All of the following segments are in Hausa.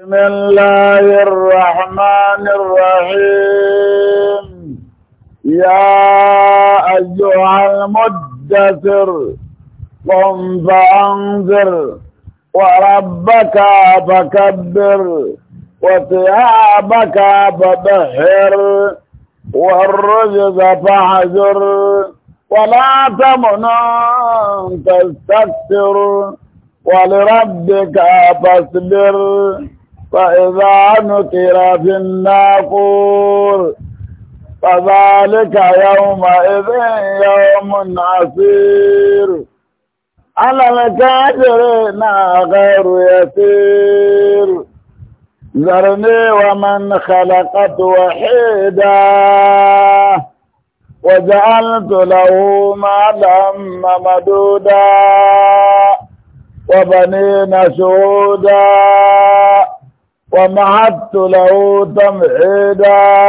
بسم الله الرحمن الرحيم يا أيها المدثر قم فأنذر وربك فكبر وثيابك فبهر والرجز فاحذر ولا تمنع تستكثر ولربك فاصبر فإذا نكر في الناقور فذلك يومئذ يوم عسير على الكافرين غير يسير ذرني ومن خلقت وحيدا وجعلت له مالا ممدودا وبنين شهودا ومعدت له تمهيدا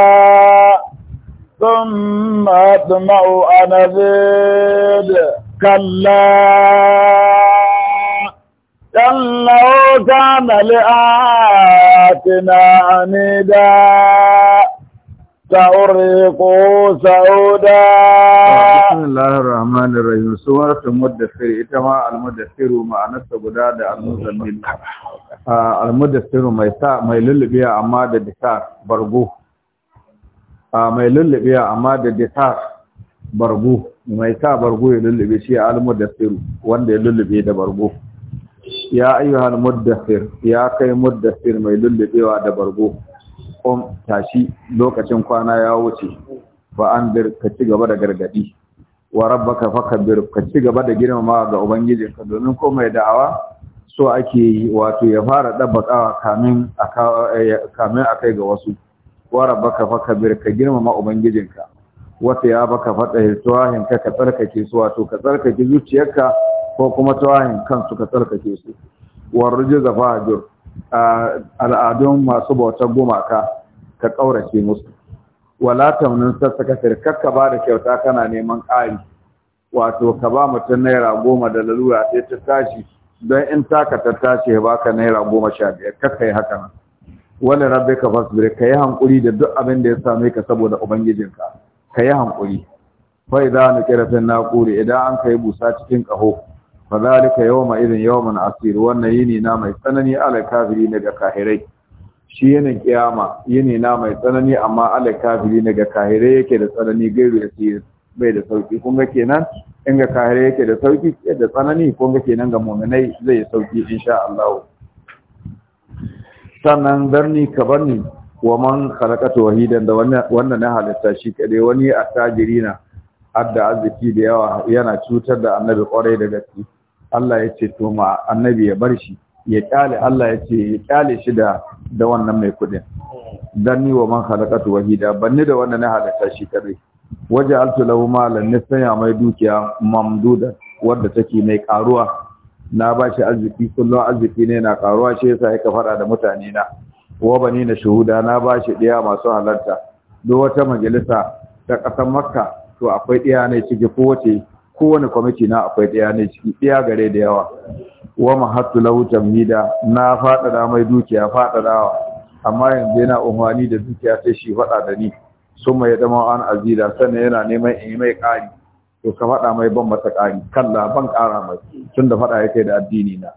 ثم أطمع أنا أزيد كلا كله كان لآتنا عنيدا سأرهقه سعودا بسم الله الرحمن الرحيم سورة المدثر إتما المدثر معنى سبدا دا المزمل المدثر ما يلل بيا أما دا برغو ما يلل بيا أما دا برغو ما ميسا برغو يلل بيشي المدثر وان يلل بيا برغو يا أيها المدثر يا كي مدثر يلل بيا دا برغو kom tashi lokacin kwana ya wuce fa bir ka ci gaba da gargadi wa rabbaka fakabbir ka ci gaba da girmama ga ubangijinka domin ko mai da'awa so ake yi wato ya fara dabbakawa kamin eh, kamin akai ga wasu wa rabbaka fakabbir ka girmama ubangijinka wata ya baka fada tuwahin ka ka tsarkake su wato ka tsarkake zuciyarka ko kuma tuwahin kansu ka tsarkake su warruji zafa hajjur al'adun masu bautar gumaka ka ƙaurace musu wala taunin sassaka kakka ba da kyauta kana neman ƙari wato ka ba mutum naira goma da lalura sai ta tashi don in taka ta tashi ya baka naira goma sha biyar kakka yi haka nan wani rabbi ka fasbir ka yi hankuri da duk abin da ya same ka saboda ubangijinka ka yi hankuri fa idan na kira fin naquri idan an kai busa cikin ƙaho fa zalika yawma irin yawman asir wannan yini na mai tsanani ala kafiri ga kahirai shi yanin kiyama yini na mai tsanani amma ala kafiri ne ga kahire yake da tsanani gairu ya mai bai da sauki kun ga kenan in ga kahire yake da sauki da tsanani kun ga kenan ga mu'minai zai sauki insha Allah sannan zarni ka barni wa man khalaqatu wahidan da wannan na halitta shi kade wani tajiri na adda arziki da yawa yana cutar da annabi kwarai da gaske Allah ya ce to ma annabi ya bar shi ya kyale Allah ya ce ya kyale shi da da wannan mai kudin dan ni wa man khalaqatu wahida banni da wannan na halaka shi kadai waje altu lahu malan ne mai dukiya mamduda wanda take mai karuwa na bashi arziki kullum arziki ne na karuwa shi yasa yake fara da mutane na wa bani na shuhuda na bashi ɗaya masu halarta duk wata majalisa ta kasar makka to akwai ɗaya ne ciki kowace kowane kwamiti na akwai ɗaya ne ciki ɗaya gare da yawa wa mahattu lahu tamhida na faɗaɗa mai dukiya faɗaɗawa amma yanzu yana umarni da dukiya sai shi faɗa da ni sun mai dama an azira sannan yana neman in yi mai ƙari to ka faɗa mai ban mata ƙari kalla ban ƙara mai tun da faɗa ya kai da addini na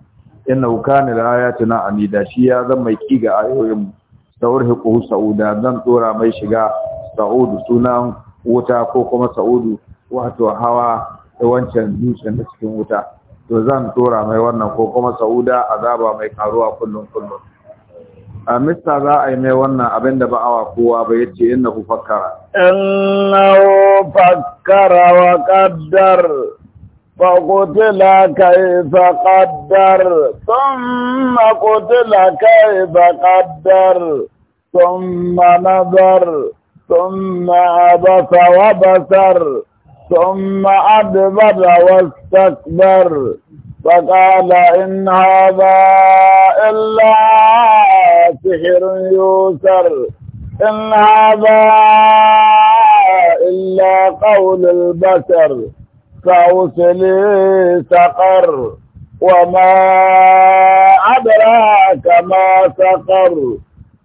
inna kana da ayatuna amida shi ya zan mai ki ga ayoyin saurhiqu sauda zan dora mai shiga saudu sunan wuta ko kuma saudu wato hawa wancan dutsen da cikin wuta to zan tura mai wannan ko kuma sauda azaba mai karuwa kullum kullum a mista za a yi mai wannan abin da ba'awa kowa ba ya ce inna ku fakkara na ku fakkara wa kaddar fa kutila kai fa kaddar thumma kutila kai fa kaddar thumma nazar thumma abasa wa basar ثم wasu واستكبر فقال إن هذا إلا سحر يوسر إن هذا إلا قول البشر فأوصلي سقر وما أدراك ما سقر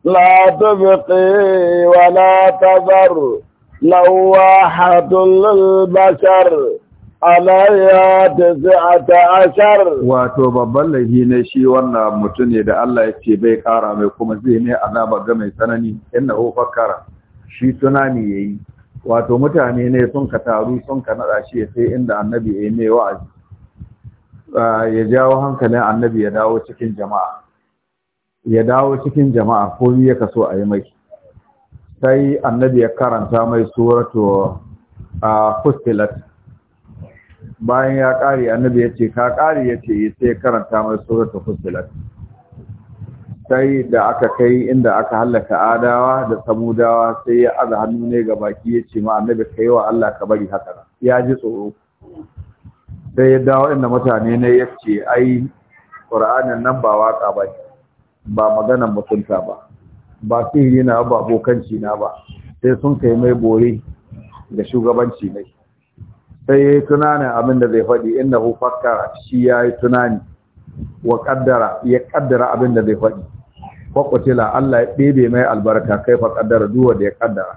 لا تبقي ولا تذر لواحة للبشر alayya da za'ata ashar wato babban laifi ne shi wannan mutum ne da Allah ya ce bai kara mai kuma zai ne azaba ga mai tsanani innahu fakkara shi tunani yayi wato mutane ne sun ka taru sun ka nada shi sai inda annabi ya mai wa'azi ya jawo hankalin annabi ya dawo cikin jama'a ya dawo cikin jama'a ko ya kaso a yi mai sai annabi ya karanta mai suratu a fustilat bayan ya ƙare annabi ya ce ka ƙare ya ce sai karanta mai suratul fusilat sai da aka kai inda aka hallaka adawa da samudawa sai ya aza hannu ne ga baki ya ce ma annabi yi wa Allah ka bari haka ya ji tsoro sai ya dawo inda mutane ne ya ce ai ƙur'anin nan ba waka ba ba maganan mutunta ba ba sihiri na ba abokanci na ba sai sun kai mai bore da shugabanci ne sai ya yi tunanin abin da zai faɗi inda hu fakara shi ya yi tunani wa ƙaddara ya ƙaddara abin da zai faɗi kwakwatila Allah ya ɗebe mai albarka kai fa ƙaddara duwa da ya ƙaddara.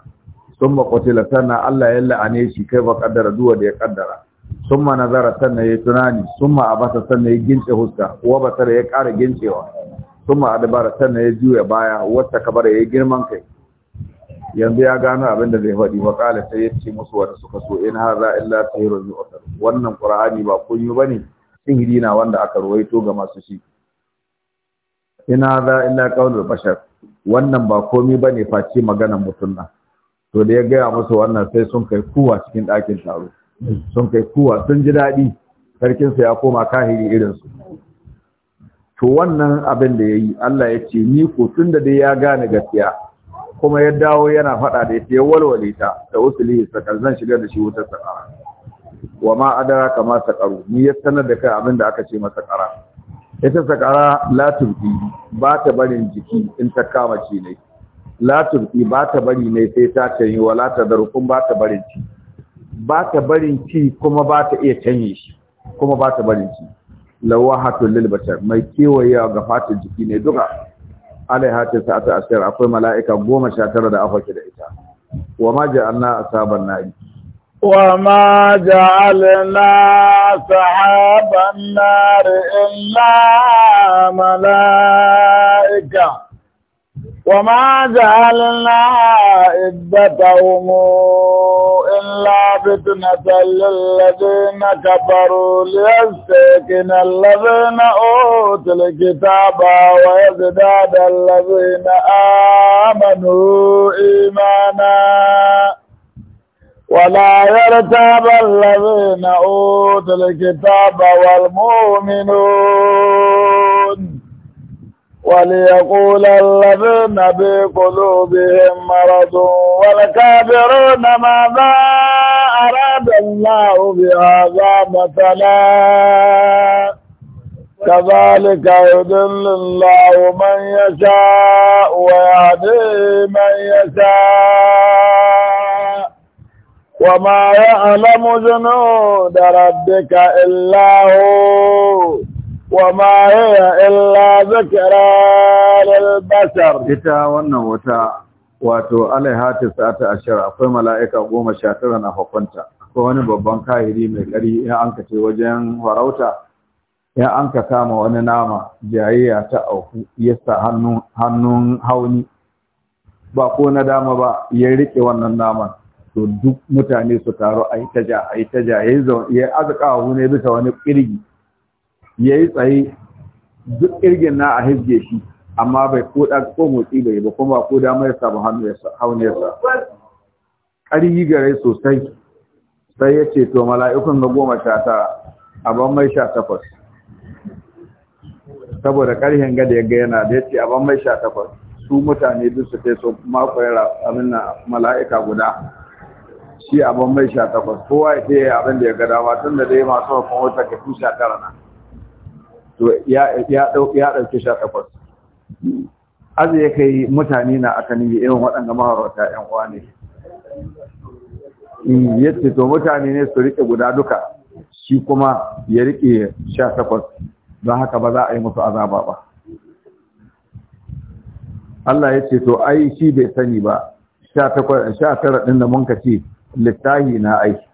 sun kwatila sannan Allah ya la'ane shi kai fa ƙaddara duwa da ya ƙaddara. sun ma nazara sannan ya yi tunani sun ma abasa sannan ya gince huska wa tare ya ƙara gincewa sun ma adabara sannan ya juya baya wata kabara ya yi girman kai yanzu ya gano abin da zai faɗi wa ƙala sai ya ce musu wanda suka so in haza illa sihirun yu'tar wannan ƙura'ani ba kun yi ba ne. sihiri na wanda aka ruwaito ga masu shi in haza illa da bashar wannan ba komi ba ne face maganar mutum na to da ya gaya musu wannan sai sun kai kuwa cikin ɗakin taro sun kai kuwa sun ji daɗi su ya koma kahiri irinsu to wannan abin da ya yi Allah ya ce ni ko tun da dai ya gane gaskiya kuma ya dawo yana faɗa da ita ya walwale ta da usuli sakar zan shigar da shi wutar sakara wa ma adara kama sakaru ni ya sanar da kai abin da aka ce masa sakara ita sakara la turki ba ta barin jiki in ta kama ci ne la turki ba ta bari ne sai ta canyi wa Lata ta darukun ba ta barin ci ba ta barin ci kuma ba ta iya canye shi kuma ba ta barin ci lawahatul lil bashar mai kewaye ga fatar jiki ne duka alaiha ta sa'ata ashar akwai mala'ika goma sha da afake da ita wa ma ja'alna asaban nari wa ma ja'alna sahaban nari illa mala'ika وما جعلنا عدتهم إلا فتنة للذين كفروا ليستيقن الذين أوتوا الكتاب ويزداد الذين آمنوا إيمانا ولا يرتاب الذين أوتوا الكتاب والمؤمنون وليقول الذين في قلوبهم مرض والكافرون ماذا أراد الله بهذا مثلا كذلك يضل الله من يشاء ويهدي من يشاء وما يعلم جنود ربك إلا هو وما هي إلا ذكرى للبشر إتا وانا وتا wato alaiha tisata ashara akwai mala'ika goma sha tara na hukunta akwai wani babban kahiri mai ƙari in an ce wajen farauta in an kama wani nama jayayya ta auku ya sa hannun hauni ba ko na dama ba ya riƙe wannan naman to duk mutane su taru a yi ja a yi ya yi azuka ne bisa wani ƙirgi ya yi tsaye duk ƙirgin na a hizge shi amma bai ɗan ko motsi bai ba kuma ko dama ya samu hauniyarsa ƙari gare sosai sai ya ce to mala'ikun na goma sha tara a ban mai sha takwas saboda ƙarhin gada ya ga yana da ya ce a ban mai sha takwas su mutane duk su kai so makwayar abin na mala'ika guda shi a ban mai sha takwas kowa ya ce eh, abin da ya gada dama tun da dai masu hukun wata ka fi sha tara na to ya ɗauki sha takwas azu ya kai mutane na aka yi irin waɗanda maharauta ‘yan uwa ne mm, yadda to mutane ne su riƙe guda duka shi kuma ya riƙe sha takwas don haka ba za a yi musu azaba ba Allah ya ce to ai shi bai sani ba sha tara ɗin da mun ka ce littahi na aiki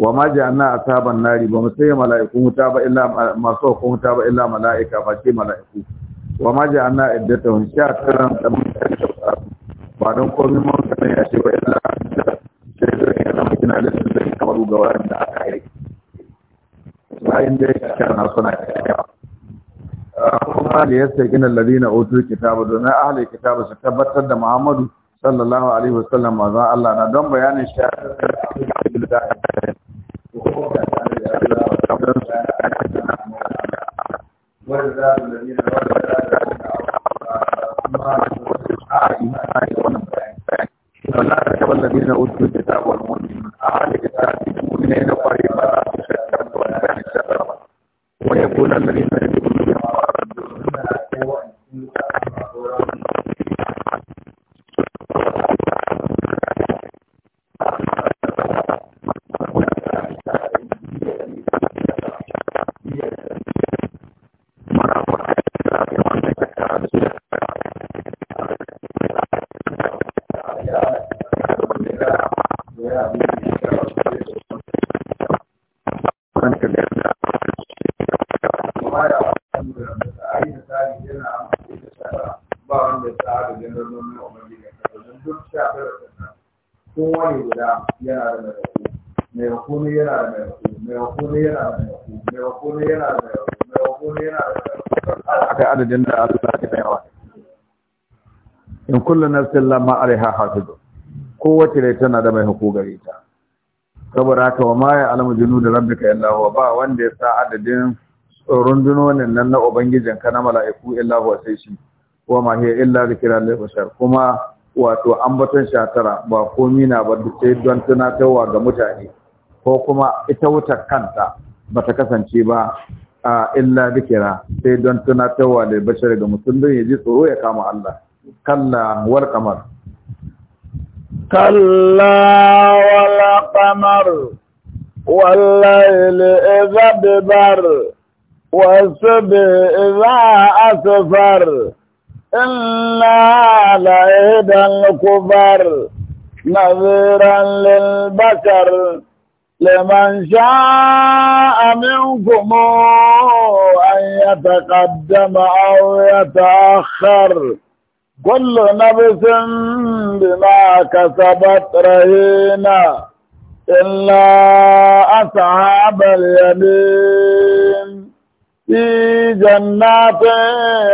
wa ma ja'alna asaban nari ba mu sai mala'iku wuta ba illa masu hukun wuta ba illa mala'ika ba ce mala'iku wa ma ja'alna iddatahum sha karan da mun ba don komai mun sanin ya ce ba illa sai da ya zama kina da sun da kamar ga wanda aka yi bayan da ya na suna kyakkyawa kuma da ya sai gina ladina otu kitabu domin ahalai kitabu su tabbatar da muhammadu sallallahu alaihi wasallam mazan Allah na don bayanin shi da Yeah. abin da Allah ya tsayawa in kullu nafsin lamma alaiha hafizu kowace rai tana da mai hukku gare ta saboda haka wa ma ya alamu junu da rabbika illa huwa ba wanda ya sa adadin rundunonin nan na ubangijin ka na mala'iku illa huwa sai shi wa ma hiya illa zikra lil bashar kuma wato ambaton shatara ba komi na ba duk sai don tunatarwa ga mutane ko kuma ita wutar kanta bata kasance ba a illa dikira sai don tunatarwa da bashar ga musulmi ya ji tsoro ya kama Allah kalla wal kamar kalla wal kamar wallahi idza bibar wasubi idza asfar inna la kubar naziran lil bakar لمن شاء منكم أن يتقدم أو يتأخر كل نفس بما كسبت رهينة إلا أصحاب اليمين في جنات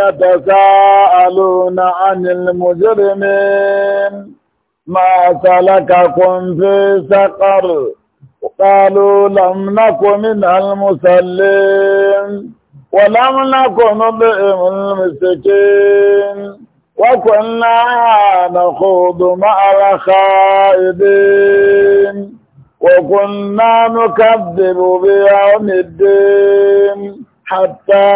يتساءلون عن المجرمين ما سلككم في سقر قالوا لم نكن من المسلمين ولم نكن نطعم المسكين وكنا نخوض مع الخائدين وكنا نكذب بيوم الدين حتى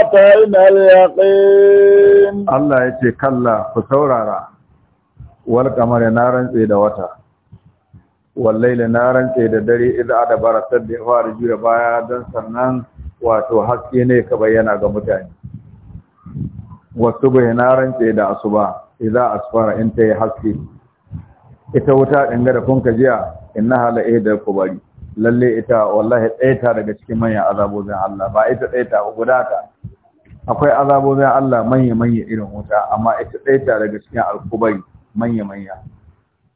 أتينا اليقين الله يتكلى فسورارا والقمر نارا إذا وتر wallaila na rantse da dare idan barasar da ya fara juya baya don sannan wato haske ne ka bayyana ga mutane wasu bai na rantse da asuba idan asfara in ta yi haske ita wuta ɗanga da kunka jiya in na hala da kubari lalle ita wallahi ɗaita daga cikin manyan azabozin Allah ba ita ɗaita ba guda akwai azabozin Allah manya-manya irin wuta amma ita ɗaita daga cikin alkubari manya-manya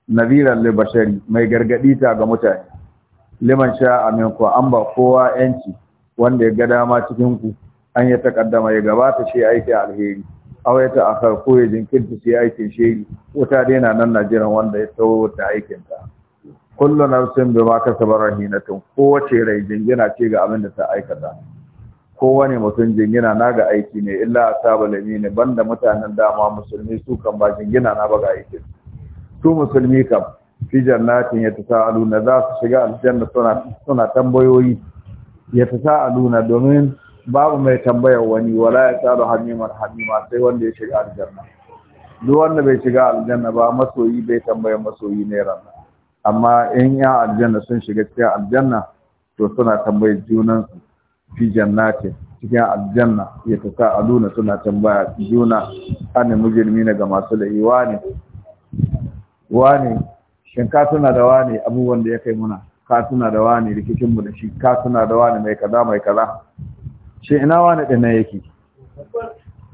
naziran lil bashari mai gargadi ta ga mutane liman sha aminku an ba kowa yanci wanda ya ga dama cikin ku an ya takaddama ya gabata shi aiki alheri aw ya ta'akhar ko ya jinkirta shi aikin shi wuta dai na nan Najeriya wanda ya tawo ta aikin ta kullu nafsin bima kasabat rahinatun kowace rai jingina ce ga abin da ta aikata kowane mutum jingina na ga aiki ne illa asaba lamini banda mutanen dama musulmi su kan ba jingina na ba ga aikin su su musulmi kam fi jannatin yatasaaluna za su shiga aljanna suna suna tambayoyi yatasaaluna domin babu mai tambayar wani wala ya tsaro da hamima sai wanda ya shiga aljanna duk wanda bai shiga aljanna ba masoyi bai tambaya masoyi ne ranar amma in ya aljanna sun shiga cikin aljanna to suna tambayar junan fi jannatin cikin aljanna ya tasa aluna suna tambaya juna ana mujirmi ga masu la'iwa ne Wane? shin ka tuna da wani abubuwan da ya kai muna ka tuna da wani rikicinmu da shi ka tuna da wani mai kaza mai kaza shin ina wani din nan yake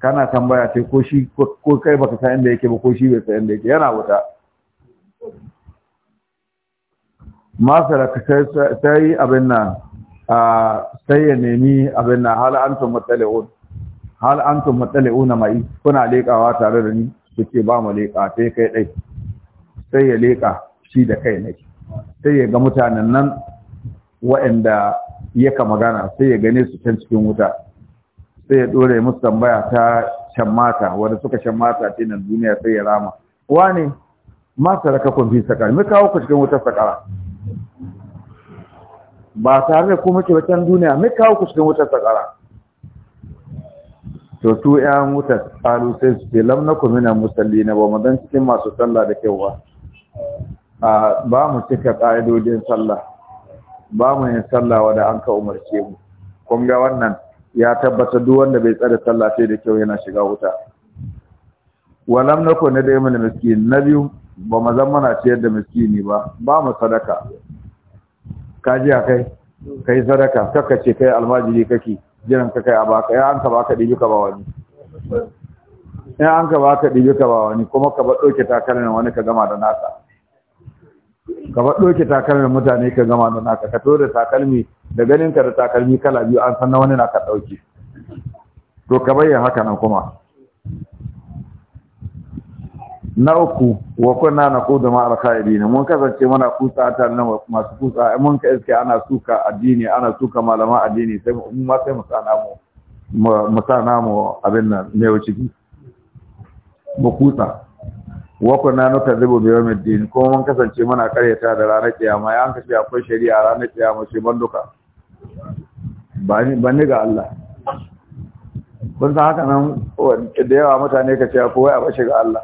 kana tambaya sai ko shi ko kai baka san inda yake ba ko shi bai san inda yake yana wuta masara ta yi abin nan sai ya nemi abin nan hal antum mutali'un hal antum mutali'un mai kuna leƙawa tare da ni suke ba mu leƙa sai kai dai sai ya leƙa shi da kai ne sai ya ga mutanen nan waɗanda ya ka magana sai ya gane su can cikin wuta sai ya ɗore musu tambaya ta shan mata wanda suka shan mata ta nan duniya sai ya rama wane ma saraka kun fi sakara me kawo ku cikin wutar sakara ba tare da kuma muke wacan duniya me kawo ku cikin wutar sakara to su ƴan wutar tsalu sai su ce lam nakum mina na ba mu dan cikin masu sallah da kyau ba ba mu cika ƙa'idodin sallah ba mu yin sallah wanda an ka umarce mu kun ga wannan ya tabbata duk wanda bai tsare sallah sai da kyau yana shiga wuta walam ko na da yamin miskin na biyu ba mu zama na ciyar da miskini ba ba mu sadaka ka ji kai kai sadaka kaka ce kai almajiri kake jiran ka kai a baka ya an ka baka dibi ka ba wani ya an ka baka dibi ka ba wani kuma ka ba ɗauke takalmin wani ka gama da nasa ka faɗo ki takalmin mutane ka gama da naka ka to da takalmi da ganin ka da takalmi kala biyu an san na wani na ka ɗauki to ka bayyana haka nan kuma na uku wa kunna da ma al mun kasance muna kusa ta nan masu kusa mun ka iske ana suka addini ana suka malaman addini sai mu ma sai mu sana mu mu sana mu abin nan ne wuce mu kusa wa na nukazzibu bi yawmid din kuma mun kasance muna karyata da ranar kiyama ya shi akwai shari'a ranar kiyama sai ban duka ba ga Allah kun san haka nan da yawa mutane ko wai a bashi ga Allah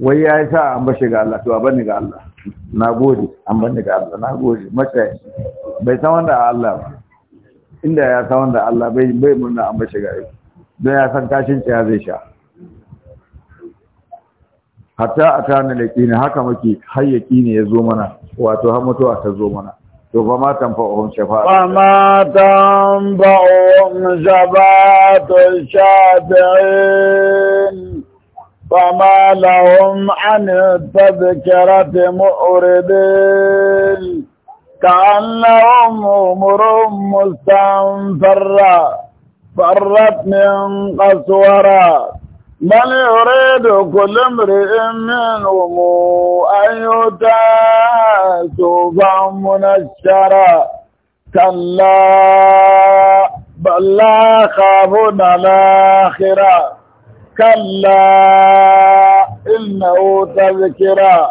wai ya yi sa an bashi ga Allah to a bani ga Allah na gode an bani ga Allah na gode mace bai san wanda Allah ba inda ya san wanda Allah bai bai murna an bashi ga Allah don ya san kashin ya zai sha hatta a tana ne haka muke hayyaki ne ya zo mana wato har mutuwa ta zo mana to ba ma tanfa'uhum shafa'a ba ma tanfa'uhum shafa'atu shafi'in فما لهم عن التذكرة مؤردين كأنهم أمر مستنفرة فرت من قسورة بل يريد كل امرئ منهم أن يؤتى سوفا منشرا كلا بل لا خافون الآخرة كلا إنه تذكرا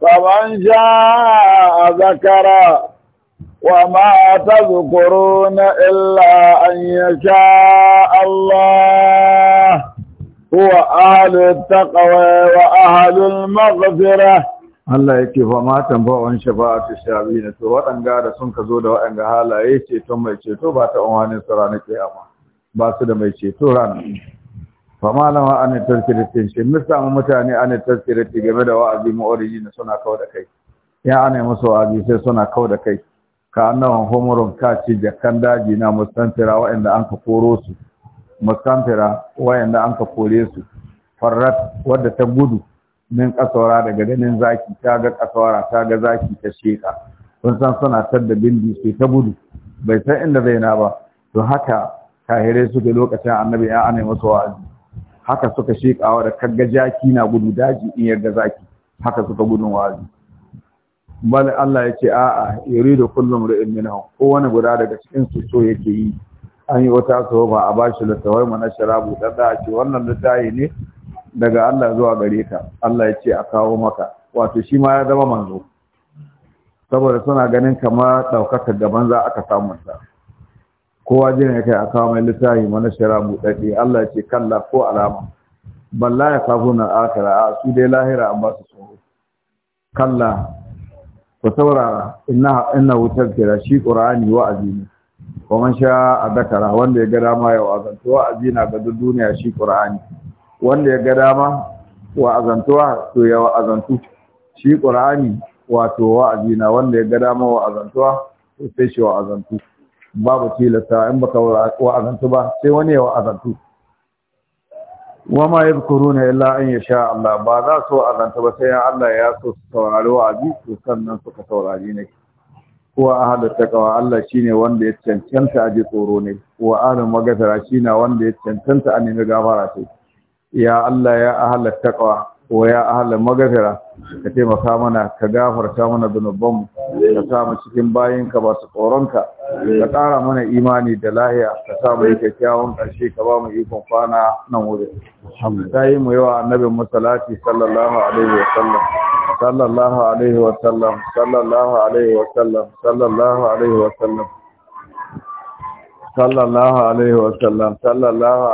فمن جاء ذكرا وما تذكرون إلا أن يشاء الله هو أهل التقوى وأهل المغفرة Allah yake fa ma tambawan shafa'atu shabiina to waɗanga da sun ka zo da waɗanga halaye ceton mai ceto ba ta unwanin su ranar kiyama ba su da mai ceto rana fa ma lama an tazkirati shi mun mu mutane an tazkirati game da wa'azi mu origin suna kawo da kai ya ana musu wa'azi sai suna kawo da kai ka annawan homoron ka jakan daji na mustantira waɗanda an ka koro su mustamfira wayanda an ka kore su farrat wadda ta gudu min kasawara daga ganin zaki ta ga kasawara ta ga zaki ta sheka kun san suna tar da bindi sai ta gudu bai san inda zai na ba to haka kahirai suke lokacin annabi ya ana masa wa'azi haka suka shekawa da kagga jaki na gudu daji in yarda zaki haka suka gudun wa'azi bal Allah ya ce a'a yuridu kullu mar'in minhum kowane guda daga cikin su so yake yi an yi wata ba a bashi littawai mana na sharabu dan da ce wannan littafi ne daga Allah zuwa gare ka Allah ya ce a kawo maka wato shi ma ya zama manzo saboda suna ganin kamar daukakar da za aka samu ta kowa jin ya kai a kawo mai littafi mana na sharabu dadi Allah ya ce kalla ko alama balla ya kafu na akara a su dai lahira an ba su tsoro kalla ku saurara inna inna wutar kira shi qur'ani wa'azi kuma sha a dakara wanda ya ga dama ya wa'azantuwa zina ga duk duniya shi ƙur'ani. wanda ya ga dama wa'azantuwa to ya wa'azantu shi ƙur'ani wato wa'azina wanda ya ga dama wa'azantuwa to sai shi wa'azantu babu tilasta in baka wa'azantu ba sai wani ya wa'azantu bukuru yadhkuruna illa an yasha Allah ba za su wa'azanta ba sai Allah ya so su saurari wa'azi to sannan suka saurari nake huwa ahadu taqwa Allah shine wanda ya cancanta a ji tsoro ne wa ahadu magafara shine wanda ya cancanta a nemi gafara ce ya Allah ya ahadu taqwa Waya ya ahla magafira ka taimaka mana ka gafarta mana zunuban ka sa mu cikin bayinka ba su tsoronka ka tsara mana imani da lahiya ka sa mu kyakkyawan ƙarshe ka ba mu ikon kwana nan wuri ta yi mu yawa annabin masalati sallallahu alaihi wa sallam sallallahu alaihi wa sallam sallallahu alaihi wa sallam sallallahu alaihi wa sallam sallallahu alaihi wasallam sallallahu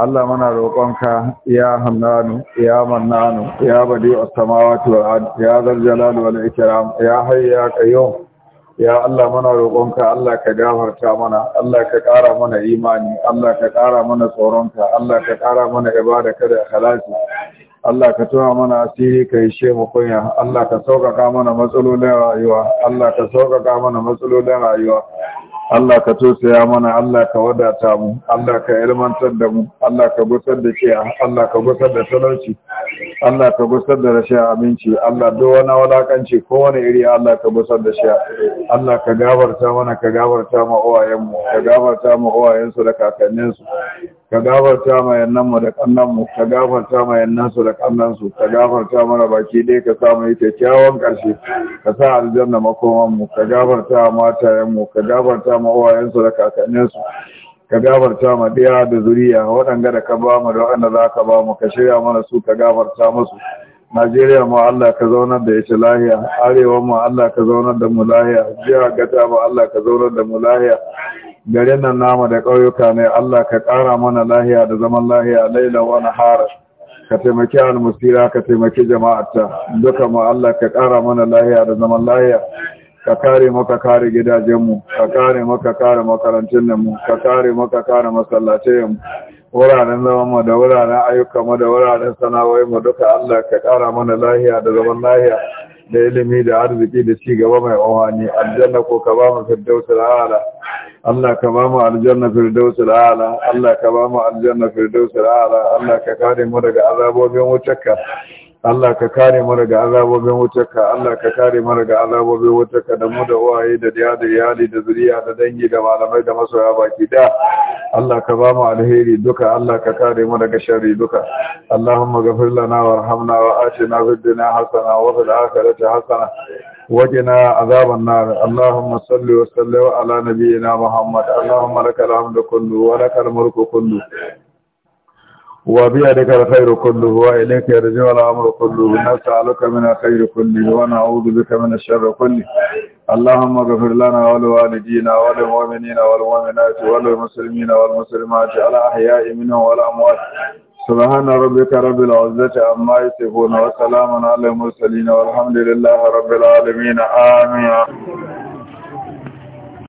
Allah muna roƙonka ya hannanu ya mannanu ya badi wa samawati wal ard ya zal wal ikram ya hayya ya qayyum ya Allah muna roƙonka Allah ka gafarta mana Allah ka ƙara mana imani Allah ka ƙara mana tsoronka Allah ka ƙara mana ibada kada ikhlasi Allah ka tuna mana asiri ka yi mu kunya Allah ka sauƙaƙa mana matsalolin rayuwa Allah ka sauƙaƙa mana matsalolin rayuwa Allah ka tosaya mana Allah ka wadata mu Allah ka ilmantar da mu Allah ka gusar da shi Allah ka gusar da talauci Allah ka gusar da rashin abinci Allah duk wani walakanci kowane iri Allah ka gusar da shi Allah ka gabarta mana ka gabarta mu uwayen mu ka gabarta mu uwayen su da kakanninsu. ka gafarta ma yannanmu da kannanmu ka gafarta ma yannansu da kannansu ka gafarta mana baki dai ka samu yi kyakkyawan karshe ka sa aljanna makomanmu ka gafarta ma matayenmu ka gafarta ma uwayensu da kakanninsu ka gafarta ma ɗaya da zuriya waɗanda da ka ba mu da waɗanda za ka ba mu ka shirya mana su ka gafarta musu Najeriya ma Allah ka zaunar da ita lahiya, Arewa ma Allah ka zaunar da mu lahiya, Jihar Gata ma Allah ka zaunar da mu lahiya, garin nan nama da ƙauyuka ne Allah ka ƙara mana lahiya da zaman lahiya laila wa nahara ka taimaki al-musira ka taimaki jama'ata duka mu Allah ka ƙara mana lahiya da zaman lahiya ka kare maka kare gidajenmu ka kare maka kare mu ka kare maka kare masallatayenmu wuraren zamanmu da wuraren ayyukanmu da wuraren sana'o'inmu duka Allah ka ƙara mana lahiya da zaman lahiya da ilimi da arziki da ci gaba mai ohani aljanna ko ka ba mu firdausul ala Allah ka ba mu aljanna firdausul ala Allah ka ba mu aljanna firdausul ala Allah ka kare mu daga azabobin wutarka Allah ka kare mu daga azabobin wutarka Allah ka kare mu daga azabobin wutarka da mu da waye da diya da iyali da zuriya da dangi da malamai da masoya baki da Allah ka ba mu alheri duka Allah ka kare mu daga sharri duka Allahumma ghfir lana warhamna wa atina fid dunya hasana wa fil akhirati hasana وقنا عذاب النار اللهم صل وسلم على نبينا محمد اللهم لك الحمد كله ولك الملك كله وبيدك الخير كله وإليك يرجع الأمر كله نسألك من الخير كله ونعوذ بك من الشر كله اللهم اغفر لنا ولوالدينا وللمؤمنين والمؤمنات وللمسلمين والمسلمات الأحياء منهم والأموات سبحان ربك رب العزة عما يصفون وسلام على المرسلين والحمد لله رب العالمين آمين